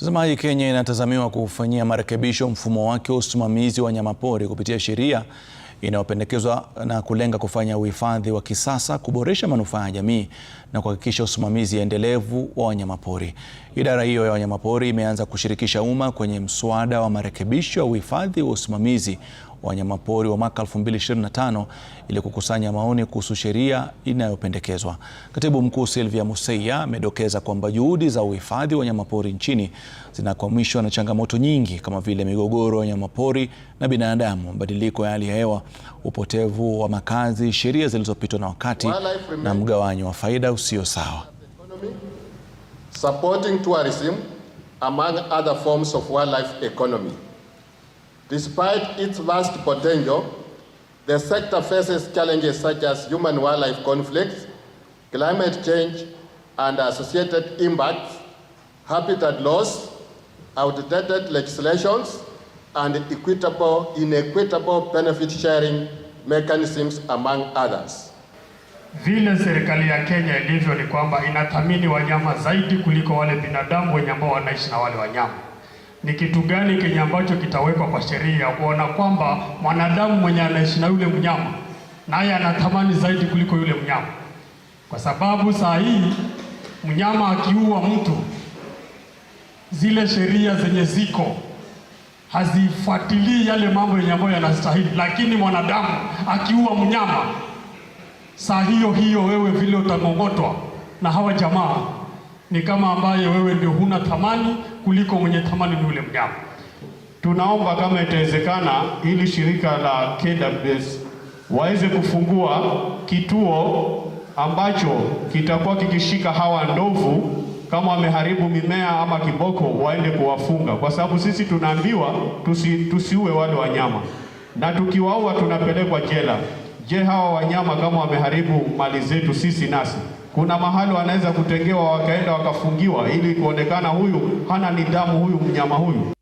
Mtazamaji, Kenya inatazamiwa kufanyia marekebisho mfumo wake wa usimamizi wa wanyamapori kupitia sheria inayopendekezwa na kulenga kufanya uhifadhi wa kisasa, kuboresha manufaa ya jamii na kuhakikisha usimamizi endelevu wa wanyamapori. Idara hiyo ya wanyamapori imeanza kushirikisha umma kwenye mswada wa marekebisho ya uhifadhi wa usimamizi wanyamapori wa mwaka 2025 ili kukusanya maoni kuhusu sheria inayopendekezwa. Katibu Mkuu Sylvia Museia amedokeza kwamba juhudi za uhifadhi wa wanyamapori nchini zinakwamishwa na changamoto nyingi kama vile migogoro ya wanyamapori na binadamu, mabadiliko ya hali ya hewa, upotevu wa makazi, sheria zilizopitwa na wakati na mgawanyo wa faida usio sawa. Supporting tourism among other forms of wildlife economy. Despite its vast potential, the sector faces challenges such as human wildlife conflicts, climate change and associated impacts, habitat loss, outdated legislations, and equitable, inequitable benefit sharing mechanisms among others. Vile serikali ya Kenya ilivyo ni kwamba inathamini wanyama zaidi kuliko wale binadamu wenye ambao wanaishi na wale wanyama ni kitu gani kenye ambacho kitawekwa kwa sheria kuona kwamba mwanadamu mwenye anaishi na yule mnyama naye anatamani zaidi kuliko yule mnyama, kwa sababu saa hii mnyama akiua mtu, zile sheria zenye ziko hazifuatilii yale mambo yenye ambayo yanastahili, lakini mwanadamu akiua mnyama, saa hiyo hiyo wewe vile utamong'otwa na hawa jamaa ni kama ambaye wewe ndio huna thamani kuliko mwenye thamani ni yule mnyama. Tunaomba kama itawezekana, ili shirika la KWS waweze kufungua kituo ambacho kitakuwa kikishika hawa ndovu kama wameharibu mimea ama kiboko, waende kuwafunga, kwa sababu sisi tunaambiwa tusi, tusiue wale wanyama, na tukiwaua tunapelekwa jela. Je, hawa wanyama kama wameharibu mali zetu sisi nasi kuna mahali wanaweza kutengewa wakaenda wakafungiwa, ili kuonekana huyu hana nidhamu, huyu mnyama huyu